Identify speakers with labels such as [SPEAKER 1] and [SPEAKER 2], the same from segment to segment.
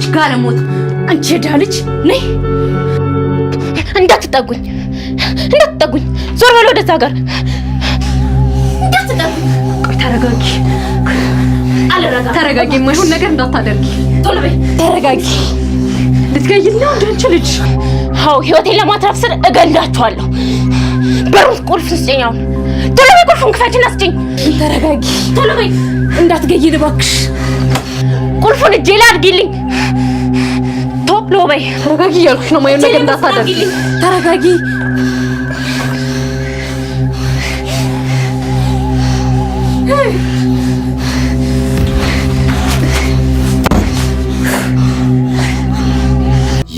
[SPEAKER 1] አንቺ ጋለሞታ፣ አንቺ የድሃ ልጅ ነይ። እንዳትጠጉኝ፣ እንዳትጠጉኝ! ዞር በል ወደዛ ጋር እንዳትጠጉኝ።
[SPEAKER 2] ቆይ ተረጋጊ፣ ተረጋጊ። የማይሆን ነገር እንዳታደርጊ፣ ቶሎ በይ። ተረጋጊ። ልትገይል ነው እንደ አንቺ ልጅ።
[SPEAKER 1] አዎ ህይወቴን ለማትረፍ ስል እገላችኋለሁ። በሩን ቁልፍ ስጭኝ፣ አሁን ቶሎ በይ። ቁልፉን ክፈችና ስጭኝ። ተረጋጊ፣ ቶሎ በይ።
[SPEAKER 2] እንዳትገይል እባክሽ
[SPEAKER 1] ቁልፉን እጄ ላይ አድርጊልኝ። ቶሎ በይ።
[SPEAKER 2] ተረጋጊ እያልኩሽ ነው። ማየውን ነገር እንዳታደርጊ። ተረጋጊ።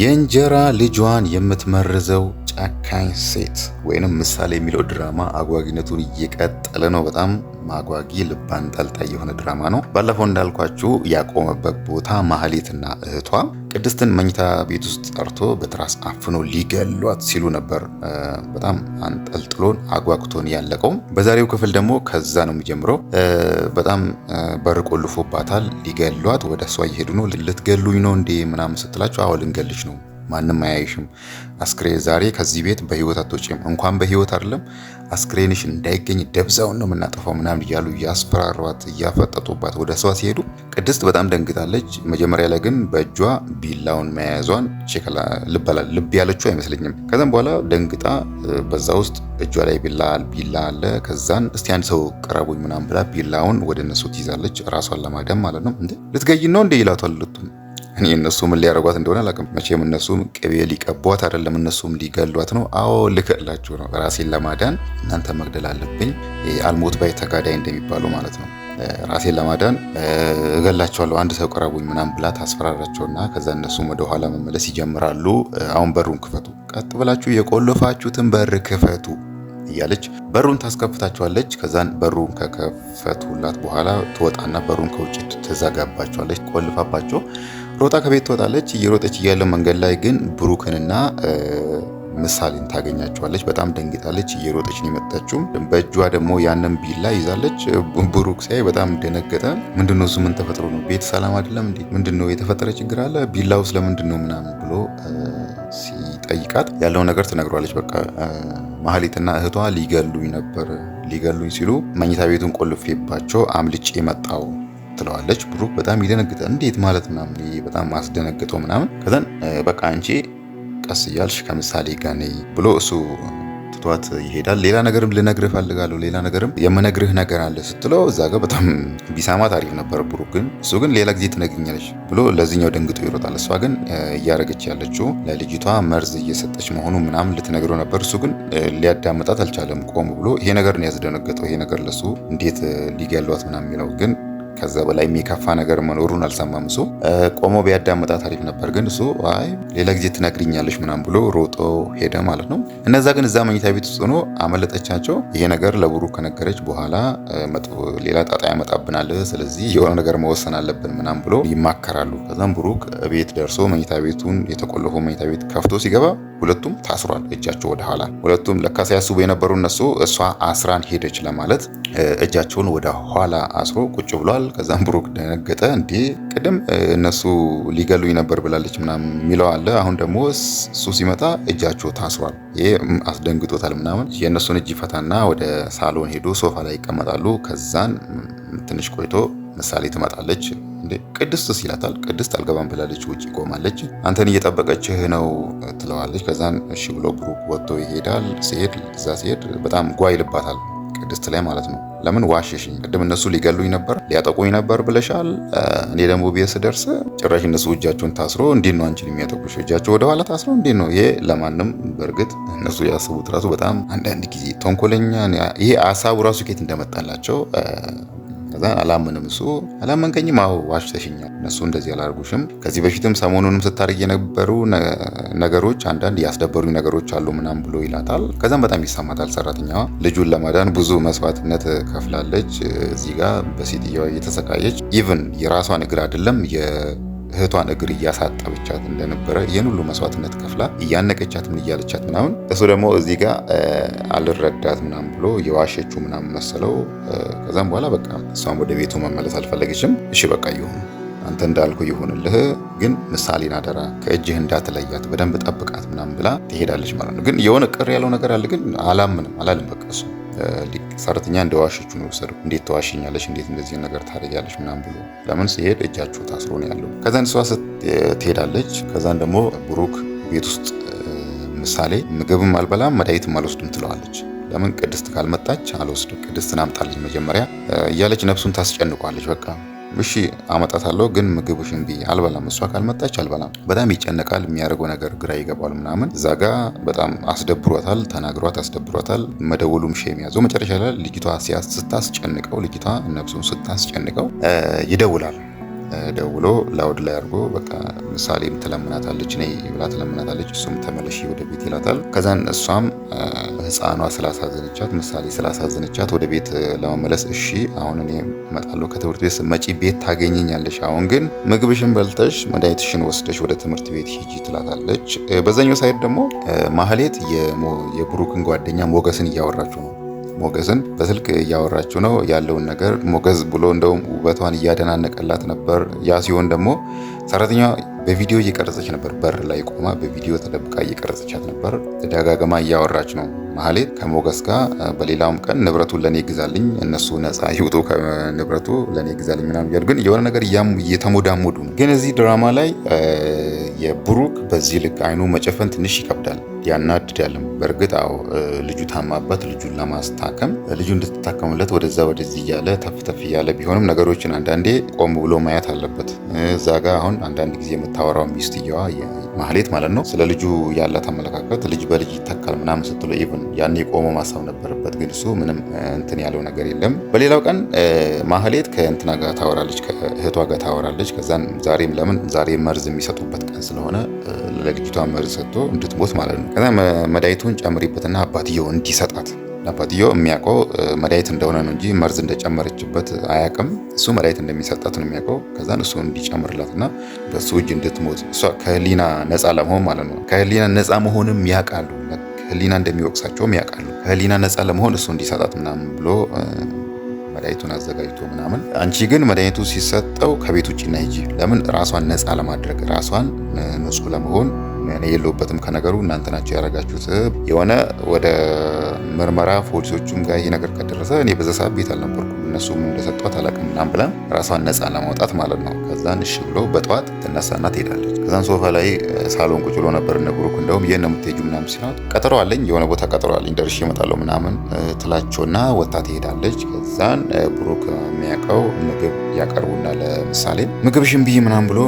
[SPEAKER 3] የእንጀራ ልጇን የምትመርዘው ጨካኝ ሴት ወይንም ምሳሌ የሚለው ድራማ አጓጊነቱን እየቀጠለ ነው። በጣም ማጓጊ ልብ አንጠልጣይ የሆነ ድራማ ነው። ባለፈው እንዳልኳችሁ ያቆመበት ቦታ ማህሌትና እህቷ ቅድስትን መኝታ ቤት ውስጥ ጠርቶ በትራስ አፍኖ ሊገሏት ሲሉ ነበር። በጣም አንጠልጥሎን አጓግቶን ያለቀው በዛሬው ክፍል ደግሞ ከዛ ነው የሚጀምረው። በጣም በር ቆልፎባታል። ሊገሏት ወደ እሷ እየሄዱ ነው። ልትገሉኝ ነው እንዴ ምናምን ስትላቸው አዎ ልንገልሽ ነው ማንም አያይሽም። አስክሬን ዛሬ ከዚህ ቤት በህይወት አትወጪም። እንኳን በህይወት አይደለም አስክሬንሽ እንዳይገኝ ደብዛውን ነው የምናጠፋው ምናምን እያሉ እያስፈራሯት እያፈጠጡባት ወደ ሰዋ ሲሄዱ ቅድስት በጣም ደንግጣለች። መጀመሪያ ላይ ግን በእጇ ቢላውን መያያዟን መያዟን ልብ ያለችው አይመስለኝም። ከዛም በኋላ ደንግጣ በዛ ውስጥ እጇ ላይ ቢላ ቢላ አለ። ከዛን እስቲ አንድ ሰው ቅረቡኝ ምናምን ብላ ቢላውን ወደ እነሱ ትይዛለች። ራሷን ለማደም ማለት ነው። እንዴ ልትገይ ነው እንዴ ይላቷል ሁለቱም እኔ እነሱ ምን ሊያደርጓት እንደሆነ አላውቅም። መቼም እነሱም ቅቤ ሊቀቧት አይደለም፣ እነሱም ሊገሏት ነው። አዎ ልከላችሁ ነው። ራሴን ለማዳን እናንተ መግደል አለብኝ። አልሞት ባይ ተጋዳይ እንደሚባለው ማለት ነው። ራሴን ለማዳን እገላቸዋለሁ፣ አንድ ሰው ቅረቡኝ ምናም ብላ ታስፈራራቸውና ከዛ እነሱም ወደኋላ መመለስ ይጀምራሉ። አሁን በሩን ክፈቱ፣ ቀጥ ብላችሁ የቆለፋችሁትን በር ክፈቱ እያለች በሩን ታስከፍታቸዋለች። ከዛን በሩን ከከፈቱላት በኋላ ትወጣና በሩን ከውጭ ትዘጋባቸዋለች ቆልፋባቸው ሮጣ ከቤት ትወጣለች። እየሮጠች እያለ መንገድ ላይ ግን ብሩክንና ምሳሌን ታገኛቸዋለች። በጣም ደንግጣለች። እየሮጠች ነው የመጣችው። በእጇ ደግሞ ያንን ቢላ ይዛለች። ብሩክ ሲያይ በጣም ደነገጠ። ምንድነው እሱ? ምን ተፈጥሮ ነው? ቤት ሰላም አይደለም እንዴ? ምንድነው የተፈጠረ ችግር አለ? ቢላ ውስጥ ለምንድን ነው ምናምን ብሎ ሲጠይቃት ያለው ነገር ትነግሯለች። በቃ ማህሌትና እህቷ ሊገሉኝ ነበር። ሊገሉኝ ሲሉ መኝታ ቤቱን ቆልፌባቸው አምልጬ መጣው ትለዋለች። ብሩክ በጣም ይደነግጣል። እንዴት ማለት ምናምን በጣም አስደነግጠው ምናምን ከዛን በቃ አንቺ ቀስ እያልሽ ከምሳሌ ጋር ነይ ብሎ እሱ ትቷት ይሄዳል። ሌላ ነገርም ልነግርህ ፈልጋለሁ ሌላ ነገርም የምነግርህ ነገር አለ ስትለው እዛ ጋር በጣም ቢሳማት አሪፍ ነበር ብሩክ ግን እሱ ግን ሌላ ጊዜ ትነግኛለች ብሎ ለዚኛው ደንግጦ ይሮጣል። እሷ ግን እያደረገች ያለችው ለልጅቷ መርዝ እየሰጠች መሆኑ ምናምን ልትነግረው ነበር። እሱ ግን ሊያዳምጣት አልቻለም። ቆም ብሎ ይሄ ነገር ነው ያስደነገጠው። ይሄ ነገር ለሱ እንዴት ሊገሏት ምናምን የሚለው ግን ከዛ በላይ የሚከፋ ነገር መኖሩን አልሰማም። እሱ ቆሞ ቢያዳምጣት ታሪፍ ነበር፣ ግን እሱ አይ ሌላ ጊዜ ትነግድኛለች ምናም ብሎ ሮጦ ሄደ ማለት ነው። እነዛ ግን እዛ መኝታ ቤት ውስጥ ሆኖ አመለጠቻቸው። ይሄ ነገር ለብሩክ ከነገረች በኋላ ሌላ ጣጣ ያመጣብናል፣ ስለዚህ የሆነ ነገር መወሰን አለብን ምናም ብሎ ይማከራሉ። ከዛም ብሩክ ቤት ደርሶ መኝታ ቤቱን የተቆለፈው መኝታ ቤት ከፍቶ ሲገባ ሁለቱም ታስሯል። እጃቸው ወደ ኋላ ሁለቱም ለካ ሲያስቡ የነበሩ እነሱ እሷ አስራን ሄደች ለማለት እጃቸውን ወደ ኋላ አስሮ ቁጭ ብሏል። ከዛም ብሩክ ደነገጠ። እንዴ ቅድም እነሱ ሊገሉኝ ነበር ብላለች ምናምን የሚለው አለ። አሁን ደግሞ እሱ ሲመጣ እጃቸው ታስሯል። ይሄ አስደንግጦታል ምናምን የእነሱን እጅ ይፈታና ወደ ሳሎን ሄዶ ሶፋ ላይ ይቀመጣሉ። ከዛን ትንሽ ቆይቶ ምሳሌ ትመጣለች። እንዴ ቅድስት ሲላታል። ቅድስት አልገባም ብላለች፣ ውጭ ቆማለች፣ አንተን እየጠበቀችህ ነው ትለዋለች። ከዛን እሺ ብሎ ብሩክ ወጥቶ ይሄዳል። ሲሄድ እዛ ሲሄድ በጣም ጓ ይልባታል ቅድስት ላይ ማለት ነው። ለምን ዋሽሽኝ? ቅድም እነሱ ሊገሉኝ ነበር ሊያጠቁኝ ነበር ብለሻል። እኔ ደግሞ ቤት ስደርስ ጭራሽ እነሱ እጃቸውን ታስሮ እንዴት ነው አንቺን የሚያጠቁሽ? እጃቸው ወደኋላ ታስሮ እንዴት ነው ይሄ? ለማንም በእርግጥ እነሱ ያስቡት ራሱ በጣም አንዳንድ ጊዜ ተንኮለኛ። ይሄ አሳቡ ራሱ ኬት እንደመጣላቸው ከዛ አላምንም እሱ አላመንከኝም፣ አሁ ዋሽተሽኛል፣ እነሱ እንደዚህ አላርጉሽም ከዚህ በፊትም ሰሞኑንም ስታደርግ የነበሩ ነገሮች አንዳንድ ያስደበሩኝ ነገሮች አሉ ምናም ብሎ ይላታል። ከዛም በጣም ይሰማታል። ሰራተኛዋ ልጁን ለማዳን ብዙ መስዋዕትነት ከፍላለች። እዚህ ጋር በሴትየዋ እየተሰቃየች ኢቭን የራሷን እግር አይደለም እህቷን እግር እያሳጠበቻት እንደነበረ ይህን ሁሉ መስዋዕትነት ከፍላ እያነቀቻት ምን እያለቻት ምናምን እሱ ደግሞ እዚህ ጋር አልረዳት ምናምን ብሎ የዋሸችው ምናምን መሰለው። ከዛም በኋላ በቃ እሷም ወደ ቤቱ መመለስ አልፈለገችም። እሺ በቃ ይሁን አንተ እንዳልኩ ይሁንልህ፣ ግን ምሳሌን አደራ ከእጅህ እንዳትለያት በደንብ ጠብቃት ምናምን ብላ ትሄዳለች ማለት ነው። ግን የሆነ ቅር ያለው ነገር አለ፣ ግን አላምንም አላልም በቃ እሱ ሰራተኛ እንደ ነው የወሰደው። እንዴት ተዋሸኛለች? እንዴት እንደዚህ ነገር ታደርጊያለች? ምናም ብሎ ለምን ሲሄድ እጃቸው ታስሮ ነው ያለው። ከዛን እሷ ትሄዳለች። ከዛን ደግሞ ብሩክ ቤት ውስጥ ምሳሌ ምግብም አልበላም መድኃኒትም አልወስድም ትለዋለች። ለምን ቅድስት ካልመጣች አልወስድም፣ ቅድስትን አምጣልኝ መጀመሪያ እያለች ነፍሱን ታስጨንቋለች። በቃ እሺ አመጣታለሁ፣ ግን ምግቡሽን ብዬ አልበላም፣ እሷ ካልመጣች አልበላም። በጣም ይጨነቃል፣ የሚያደርገው ነገር ግራ ይገባል ምናምን። እዛ ጋ በጣም አስደብሯታል፣ ተናግሯት አስደብሯታል። መደወሉም ሼም ያዘው። መጨረሻ ላይ ልጅቷ ስታስጨንቀው፣ ልጅቷ ነብሱን ስታስጨንቀው ይደውላል ደውሎ ላውድ ላይ አድርጎ በቃ ምሳሌም ትለምናታለች እኔ ብላ ትለምናታለች። እሱም ተመለሽ ወደ ቤት ይላታል። ከዛን እሷም ህፃኗ ስላሳዘነቻት ምሳሌ ስላሳዘነቻት ወደ ቤት ለመመለስ እሺ አሁን እኔ እመጣለሁ ከትምህርት ቤት መጪ ቤት ታገኘኛለሽ። አሁን ግን ምግብሽን በልተሽ መድኃኒትሽን ወስደሽ ወደ ትምህርት ቤት ሂጂ ትላታለች። በዛኛው ሳይድ ደግሞ ማህሌት የብሩክን ጓደኛ ሞገስን እያወራቸው ነው ሞገስን በስልክ እያወራችው ነው ያለውን ነገር ሞገስ ብሎ እንደውም ውበቷን እያደናነቀላት ነበር። ያ ሲሆን ደግሞ ሰራተኛ በቪዲዮ እየቀረጸች ነበር። በር ላይ ቆማ በቪዲዮ ተደብቃ እየቀረጸቻት ነበር። ደጋግማ እያወራች ነው መሀሌት ከሞገስ ጋር። በሌላውም ቀን ንብረቱን ለእኔ ግዛልኝ፣ እነሱ ነፃ ይውጡ ከንብረቱ ለእኔ ግዛልኝ ምናምን እያሉ ግን የሆነ ነገር እየተሞዳሞዱ ነው። ግን እዚህ ድራማ ላይ የብሩክ በዚህ ልክ አይኑ መጨፈን ትንሽ ይከብዳል። ያናድዳልም። በእርግጥ አዎ ልጁ ታማበት ልጁን ለማስታከም ልጁ እንድትታከምለት ወደዛ ወደዚህ እያለ ተፍተፍ እያለ ቢሆንም ነገሮችን አንዳንዴ ቆም ብሎ ማየት አለበት። እዛ ጋ አሁን አንዳንድ ጊዜ የምታወራው ሚስትየዋ ማህሌት ማለት ነው ስለ ልጁ ያላት አመለካከት ልጅ በልጅ ይተካል ምናምን ስትሎ ኢቭን ያኔ ቆሞ ማሰብ ነበረበት፣ ግን እሱ ምንም እንትን ያለው ነገር የለም። በሌላው ቀን ማህሌት ከእንትና ጋር ታወራለች፣ ከእህቷ ጋር ታወራለች። ከዛን ዛሬም ለምን ዛሬ መርዝ የሚሰጡበት ቀን ስለሆነ ለልጅቷ መርዝ ሰጥቶ እንድትሞት ማለት ነው። ከዛ መድኃኒቱን ጨምሪበትና አባትየው እንዲሰጣት አባትየው የሚያውቀው መድኃኒት እንደሆነ ነው እንጂ መርዝ እንደጨመረችበት አያውቅም። እሱ መድኃኒት እንደሚሰጣት ነው የሚያውቀው። ከዛን እሱ እንዲጨምርላትና በሱ እጅ እንድትሞት እሷ ከህሊና ነፃ ለመሆን ማለት ነው። ከህሊና ነፃ መሆንም ያውቃሉ። ህሊና እንደሚወቅሳቸውም ያውቃሉ። ከህሊና ነፃ ለመሆን እሱ እንዲሰጣት ምናምን ብሎ መድኃኒቱን አዘጋጅቶ ምናምን። አንቺ ግን መድኃኒቱ ሲሰጠው ከቤት ውጭ ና ሂጂ። ለምን ራሷን ነፃ ለማድረግ ራሷን ንጹህ ለመሆን እኔ የለሁበትም ከነገሩ እናንተ ናቸው ያደረጋችሁት። የሆነ ወደ ምርመራ ፖሊሶቹም ጋር ይህ ነገር ከደረሰ እኔ በዛ ሰዓት ቤት አልነበርኩም። እነሱም እንደሰጧት አላውቅም። ምናም ብላ ራሷን ነፃ ለማውጣት ማለት ነው። ከዛን እሺ ብሎ በጠዋት ትነሳና ትሄዳለች። ከዛን ሶፋ ላይ ሳሎን ቁጭ ብሎ ነበር እነ ብሩክ እንደውም የት ነው የምትሄጂው ምናምን ሲላት ቀጠሮ አለኝ የሆነ ቦታ ቀጠሮ አለኝ ደርሼ እመጣለሁ ምናምን ትላቸውና ወታ ትሄዳለች። ከዛን ብሩክ የሚያውቀው ምግብ ያቀርቡና ለምሳሌ ምግብ ሽንብይ ምናምን ብሎ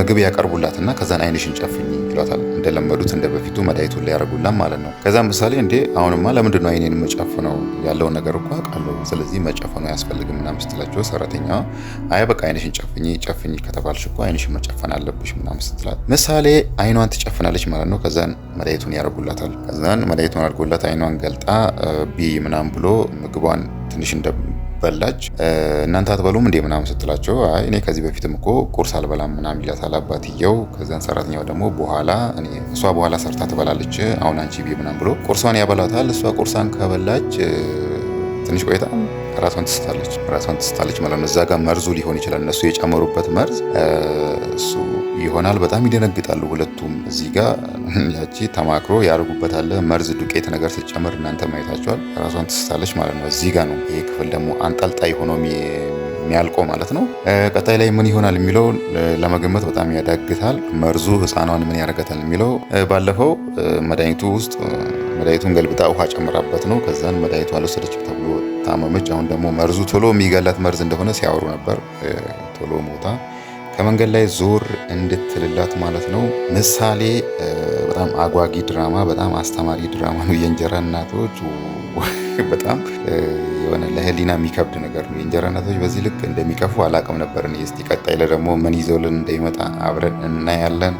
[SPEAKER 3] ምግብ ያቀርቡላትና ከዛን አይንሽን ጨፍኝ ይሏታል። እንደለመዱት እንደ በፊቱ መድኃኒቱን ሊያደርጉላን ማለት ነው። ከዛ ምሳሌ እንዴ አሁንማ ለምንድን ነው አይኔን መጨፍነው? ያለውን ነገር እኮ አውቃለሁ። ስለዚህ መጨፈኑ አያስፈልግም ምናምን ስትላቸው ሰራተኛዋ አይ በቃ አይንሽን ጨፍኝ ጨፍኝ ከተባልሽ እኮ አይንሽን መጨፈን አለብሽ ምናምን ስትላት ምሳሌ አይኗን ትጨፍናለች ማለት ነው። ከዛን መድኃኒቱን ያደርጉላታል። ከዛን መድኃኒቱን አድርጎላት አይኗን ገልጣ ቢ ምናምን ብሎ ምግቧን ትንሽ እንደ በላች። እናንተ አትበሉም እንዴ ምናምን ስትላቸው አይ እኔ ከዚህ በፊትም እኮ ቁርስ አልበላም ምናምን ይላታል አባትየው። ከዛን ሰራተኛው ደግሞ በኋላ እሷ በኋላ ሰርታ ትበላለች አሁን አንቺ ቢ ምናምን ብሎ ቁርሷን ያበላታል። እሷ ቁርሳን ከበላች ትንሽ ቆይታ ራሷን ትስታለች፣ ራሷን ትስታለች ማለት ነው። እዛ ጋር መርዙ ሊሆን ይችላል እነሱ የጨመሩበት መርዝ እሱ ይሆናል። በጣም ይደነግጣሉ ሁለቱም። እዚህ ጋር ያቺ ተማክሮ ያደርጉበታል መርዝ ዱቄት ነገር ስጨምር እናንተ ማየታቸዋል። ራሷን ትስታለች ማለት ነው። እዚህ ጋር ነው ይሄ ክፍል ደግሞ አንጠልጣይ ሆኖ የሚያልቀው ማለት ነው። ቀጣይ ላይ ምን ይሆናል የሚለው ለመገመት በጣም ያዳግታል። መርዙ ህፃኗን ምን ያደርጋታል የሚለው ባለፈው መድኃኒቱ ውስጥ መድኃኒቱን ገልብጣ ውሃ ጨምራበት ነው። ከዛን መድኃኒቱ አልወሰደችም ተብሎ ታመመች። አሁን ደግሞ መርዙ ቶሎ የሚገላት መርዝ እንደሆነ ሲያወሩ ነበር። ቶሎ ሞታ ከመንገድ ላይ ዞር እንድትልላት ማለት ነው። ምሳሌ በጣም አጓጊ ድራማ፣ በጣም አስተማሪ ድራማ ነው። የእንጀራ እናቶች በጣም የሆነ ለህሊና የሚከብድ ነገር ነው። የእንጀራ እናቶች በዚህ ልክ እንደሚከፉ አላቅም ነበር። እስቲ ቀጣይ ላይ ደግሞ ምን ይዞልን እንደሚመጣ አብረን እናያለን።